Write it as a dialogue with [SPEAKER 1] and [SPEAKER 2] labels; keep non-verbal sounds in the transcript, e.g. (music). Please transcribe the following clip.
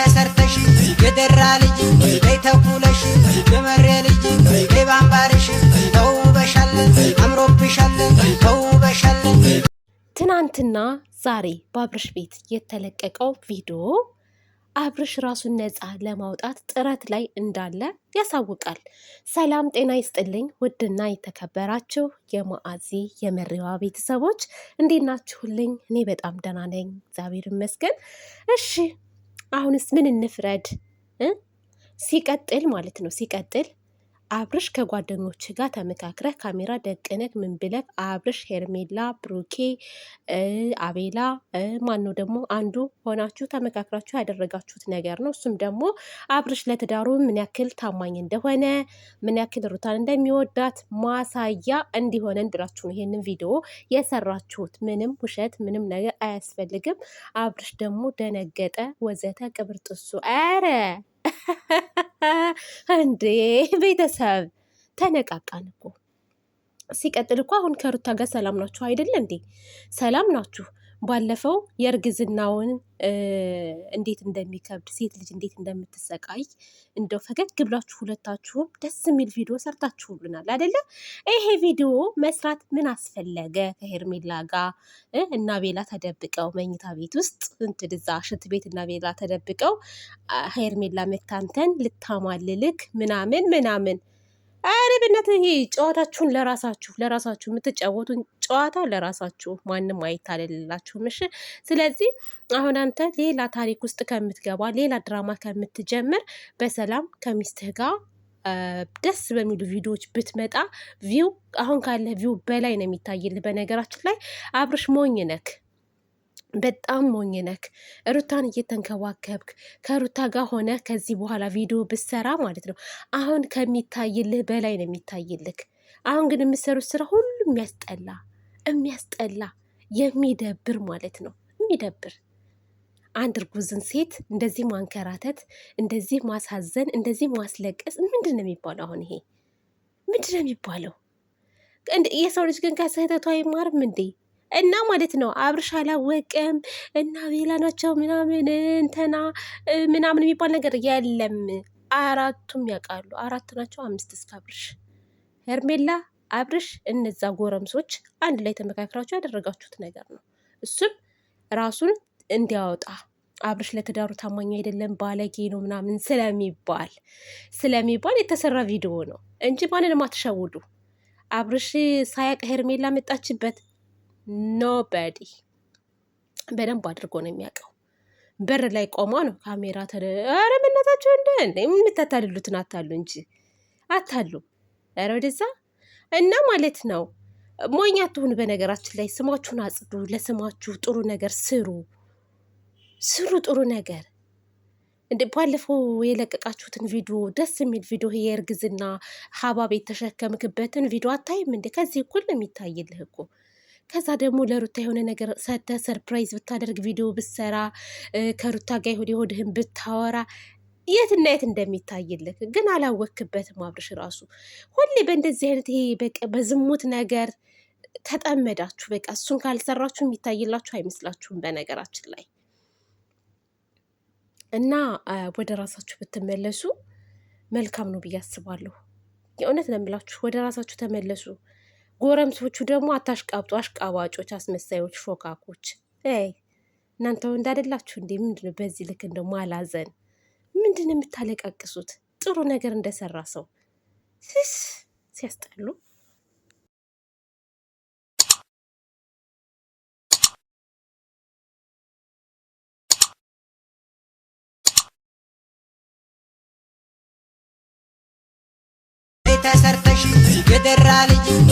[SPEAKER 1] ተሰርተሽ የደራ ልጅ ተኩለሽ የመሬ ልጅ በይ ባምባርሽ ተውበሻለን አምሮብሻለን
[SPEAKER 2] ትናንትና ዛሬ በአብርሽ ቤት የተለቀቀው ቪዲዮ አብርሽ ራሱን ነፃ ለማውጣት ጥረት ላይ እንዳለ ያሳውቃል። ሰላም ጤና ይስጥልኝ ውድና የተከበራችሁ የማአዚ የመሪዋ ቤተሰቦች እንዴት ናችሁልኝ? እኔ በጣም ደህና ነኝ፣ እግዚአብሔር ይመስገን። እሺ አሁንስ ምን እንፍረድ? ሲቀጥል ማለት ነው ሲቀጥል አብርሽ ከጓደኞች ጋር ተመካክረህ ካሜራ ደቅነህ ምን ብለህ አብርሽ፣ ሄርሜላ፣ ብሩኬ፣ አቤላ ማነው ደግሞ አንዱ ሆናችሁ ተመካክራችሁ ያደረጋችሁት ነገር ነው። እሱም ደግሞ አብርሽ ለትዳሩ ምን ያክል ታማኝ እንደሆነ ምን ያክል ሩታን እንደሚወዳት ማሳያ እንዲሆነን ብላችሁ ነው ይሄንን ቪዲዮ የሰራችሁት። ምንም ውሸት ምንም ነገር አያስፈልግም። አብርሽ ደግሞ ደነገጠ፣ ወዘተ፣ ቅብር ጥሱ ኧረ (laughs) እንዴ ቤተሰብ ተነቃቃን እኮ። ሲቀጥል እኮ አሁን ከሩታ ጋር ሰላም ናችሁ አይደለ እንዴ? ሰላም ናችሁ። ባለፈው የእርግዝናውን እንዴት እንደሚከብድ ሴት ልጅ እንዴት እንደምትሰቃይ እንደው ፈገግ ብላችሁ ሁለታችሁም ደስ የሚል ቪዲዮ ሰርታችሁልናል አይደለ? ይሄ ቪዲዮ መስራት ምን አስፈለገ? ከሄርሜላ ጋር እና ቤላ ተደብቀው መኝታ ቤት ውስጥ እንትን እዛ ሽንት ቤት እና ቤላ ተደብቀው ሄርሜላ መታንተን ልታማልልክ ምናምን ምናምን አረ ይሄ ጨዋታችሁን ለራሳችሁ ለራሳችሁ የምትጫወቱን ጨዋታ ለራሳችሁ ማንም አይታለልላችሁም። እሺ። ስለዚህ አሁን አንተ ሌላ ታሪክ ውስጥ ከምትገባ ሌላ ድራማ ከምትጀምር በሰላም ከሚስትህ ጋር ደስ በሚሉ ቪዲዮዎች ብትመጣ ቪው አሁን ካለ ቪው በላይ ነው የሚታይልህ። በነገራችን ላይ አብርሽ ሞኝ ነክ በጣም ሞኝ ነክ ሩታን እየተንከባከብክ ከሩታ ጋር ሆነ ከዚህ በኋላ ቪዲዮ ብሰራ ማለት ነው አሁን ከሚታይልህ በላይ ነው የሚታይልክ። አሁን ግን የምሰሩት ስራ ሁሉ የሚያስጠላ የሚያስጠላ የሚደብር ማለት ነው የሚደብር አንድ እርጉዝን ሴት እንደዚህ ማንከራተት፣ እንደዚህ ማሳዘን፣ እንደዚህ ማስለቀስ ምንድን ነው የሚባለው? አሁን ይሄ ምንድን ነው የሚባለው? የሰው ልጅ ግን ከስህተቷ አይማርም እንዴ? እና ማለት ነው አብርሽ አላወቀም እና ቤላ ናቸው ምናምን እንተና ምናምን የሚባል ነገር የለም። አራቱም ያውቃሉ። አራት ናቸው አምስት እስከ አብርሽ ሄርሜላ፣ አብርሽ፣ እነዛ ጎረምሶች አንድ ላይ ተመካክራችሁ ያደረጋችሁት ነገር ነው። እሱም ራሱን እንዲያወጣ አብርሽ ለትዳሩ ታማኝ አይደለም ባለጌ ነው ምናምን ስለሚባል ስለሚባል የተሰራ ቪዲዮ ነው እንጂ ማንንም አትሸውዱ። አብርሽ ሳያቅ ሄርሜላ መጣችበት ኖበዲ በደንብ አድርጎ ነው የሚያውቀው። በር ላይ ቆማ ነው ካሜራ ተ ኧረ በእናታችሁ እንደ የምታታልሉትን አታሉ እንጂ አታሉ ኧረ ወደዛ እና ማለት ነው። ሞኛ ትሁን። በነገራችን ላይ ስማችሁን አጽዱ። ለስማችሁ ጥሩ ነገር ስሩ ስሩ ጥሩ ነገር እንደ ባለፈው የለቀቃችሁትን ቪዲዮ ደስ የሚል ቪዲዮ ይሄ እርግዝና ሀባብ የተሸከምክበትን ቪዲዮ አታይም እንዴ? ከዚህ እኩል ነው የሚታይልህ እኮ ከዛ ደግሞ ለሩታ የሆነ ነገር ሰተ ሰርፕራይዝ ብታደርግ ቪዲዮ ብትሰራ ከሩታ ጋር ሆድ የሆድህን ብታወራ የትና የት እንደሚታይልህ ግን አላወክበትም። አብርሽ ራሱ ሁሌ በእንደዚህ አይነት ይሄ በቃ በዝሙት ነገር ተጠመዳችሁ። በቃ እሱን ካልሰራችሁ የሚታይላችሁ አይመስላችሁም። በነገራችን ላይ እና ወደ ራሳችሁ ብትመለሱ መልካም ነው ብዬ አስባለሁ። የእውነት ነው የምላችሁ፣ ወደ ራሳችሁ ተመለሱ። ጎረምሶቹ ደግሞ አታሽቃብጡ፣ አሽቃባጮች፣ አስመሳዮች፣ ሾካኮች። ይ እናንተ ወንድ አይደላችሁ እንዴ? ምንድነው በዚህ ልክ እንደሞ አላዘን ምንድን የምታለቃቅሱት? ጥሩ ነገር እንደሰራ ሰው ስስ ሲያስጠሉ ተሰርተሽ የደራ ልጅ